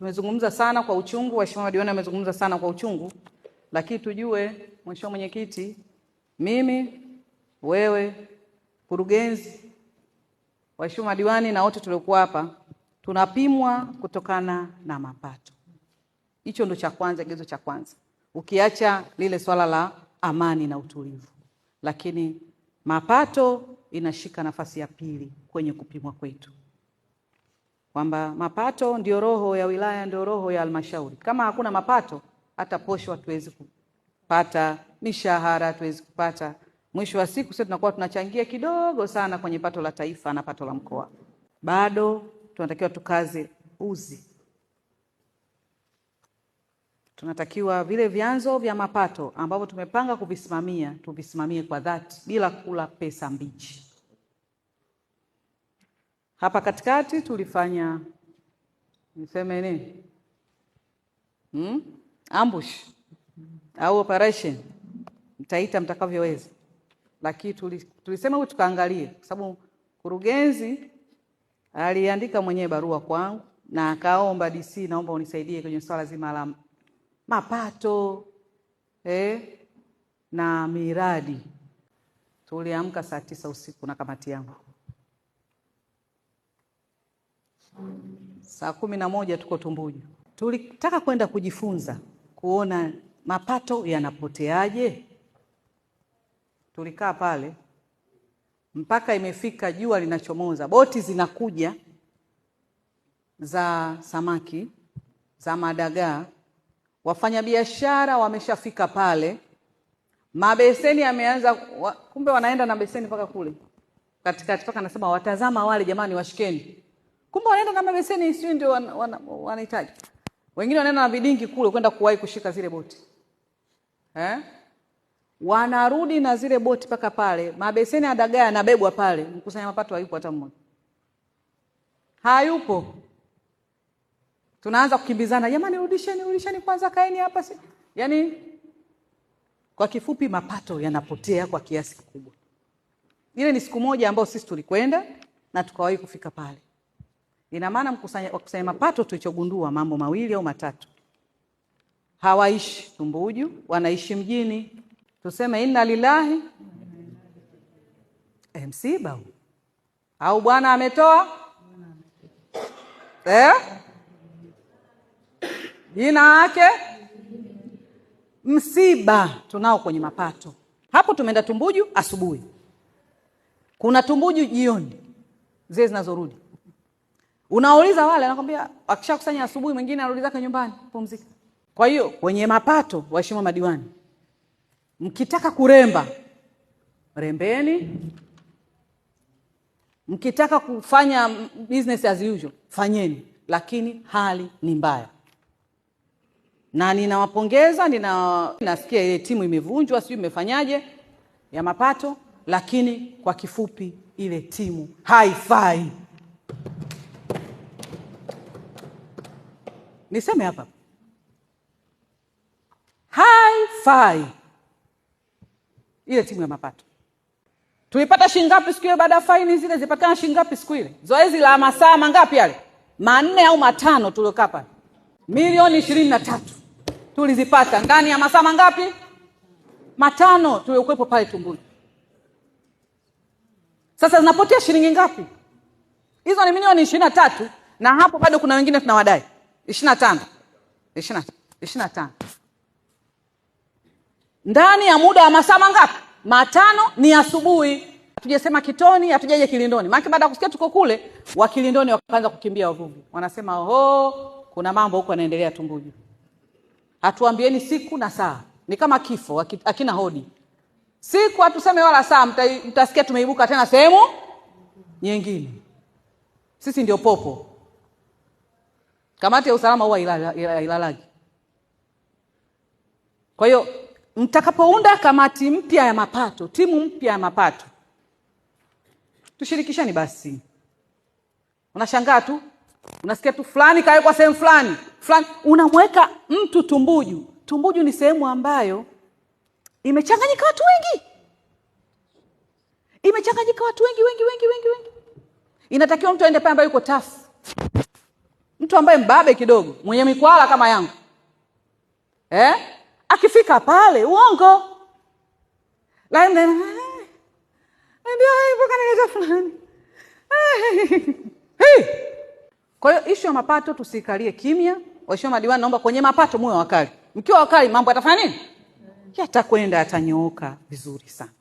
Tumezungumza sana kwa uchungu, waheshimiwa madiwani wamezungumza sana kwa uchungu, lakini tujue, mheshimiwa mwenyekiti, mimi, wewe, mkurugenzi, waheshimiwa madiwani na wote tuliokuwa hapa tunapimwa kutokana na mapato. Hicho ndo cha kwanza, kigezo cha kwanza, ukiacha lile swala la amani na utulivu, lakini mapato inashika nafasi ya pili kwenye kupimwa kwetu kwamba mapato ndio roho ya wilaya, ndio roho ya halmashauri. Kama hakuna mapato, hata posho hatuwezi kupata, mishahara hatuwezi kupata. Mwisho wa siku sisi tunakuwa tunachangia kidogo sana kwenye pato la taifa na pato la mkoa. Bado tunatakiwa tukaze uzi, tunatakiwa vile vyanzo vya mapato ambavyo tumepanga kuvisimamia tuvisimamie kwa dhati bila kula pesa mbichi. Hapa katikati tulifanya niseme nini? Hmm? Ambush au operation, mtaita mtakavyoweza, lakini tulisema huyu tukaangalie, kwa sababu mkurugenzi aliandika mwenyewe barua kwangu na akaomba DC, naomba unisaidie kwenye swala zima la mapato eh, na miradi. Tuliamka saa tisa usiku na kamati yangu saa kumi na moja tuko Tumbuju. Tulitaka kwenda kujifunza kuona mapato yanapoteaje. Tulikaa pale mpaka imefika jua linachomoza, boti zinakuja za samaki za madagaa, wafanyabiashara wameshafika pale, mabeseni yameanza kumbe, wanaenda na beseni mpaka kule katikati, mpaka anasema watazama wale, jamani, washikeni Kumbe wanaenda na mabeseni sio ndio wanahitaji. Wengine wanaenda na vidingi kule kwenda kuwahi kushika zile boti. Eh? Wanarudi na zile boti mpaka pale. Mabeseni ya dagaa yanabebwa pale. Mkusanya mapato hayupo hata mmoja. Hayupo. Tunaanza kukimbizana, jamani, rudisheni, rudisheni kwanza, kaeni hapa si. Yaani kwa kifupi mapato yanapotea kwa kiasi kikubwa. Ile ni siku moja ambayo sisi tulikwenda na tukawahi kufika pale. Ina maana wakusanya mapato tulichogundua mambo mawili au matatu, hawaishi Tumbuju, wanaishi mjini. Tuseme inna lillahi e, msiba au Bwana ametoa eh? jina yake msiba tunao kwenye mapato hapo. Tumeenda Tumbuju asubuhi, kuna Tumbuju jioni zile zinazorudi Unauliza wale, anakwambia akishakusanya asubuhi, mwingine anarudi zake nyumbani pumzika. Kwa hiyo wenye mapato, waheshimiwa madiwani, mkitaka kuremba rembeni, mkitaka kufanya business as usual fanyeni, lakini hali ni mbaya na ninawapongeza nina, nasikia ile timu imevunjwa, sijui imefanyaje ya mapato, lakini kwa kifupi ile timu haifai. niseme hapa hifi ile timu ya mapato tulipata shingapi siku ile baada ya faini zile zipatikana shingapi siku ile zoezi la masaa mangapi yale manne au matano tuliokaa pale milioni ishirini na tatu tulizipata ndani ya masaa mangapi matano tuliokuwepo pale tumbuni sasa zinapotea shilingi ngapi hizo ni milioni ishirini na tatu na hapo bado kuna wengine tunawadai ishirini na tano ishirini na tano ndani ya muda wa masaa mangapi? Matano. Ni asubuhi, hatujasema Kitoni, hatujaje Kilindoni. Maana baada ya kusikia tuko kule, wa Kilindoni wakaanza kukimbia wavuvi, wanasema oho, kuna mambo huko yanaendelea Tumbuju, hatuambieni siku na saa. Ni kama kifo akina hodi, siku hatuseme wala saa, mtasikia tumeibuka tena sehemu nyingine. Sisi ndio popo Kamati ya usalama huwa Ilalagi. Kwa hiyo mtakapounda kamati mpya ya mapato, timu mpya ya mapato, tushirikishani basi. Unashangaa tu, unasikia tu fulani kawekwa sehemu fulani fulani, unamweka mtu tumbuju. Tumbuju ni sehemu ambayo imechanganyika watu wengi, imechanganyika watu wengi wengi wengi wengi wengi. Inatakiwa mtu aende pale ambayo yuko tafu mtu ambaye mbabe kidogo mwenye mikwala kama yangu eh? akifika pale uongo fulani kwa hiyo ishu ya mapato tusikalie kimya. Waheshimiwa madiwani, naomba kwenye mapato muwe wakali. Mkiwa wakali, mambo yatafanya nini? Yatakwenda, yatanyooka vizuri sana.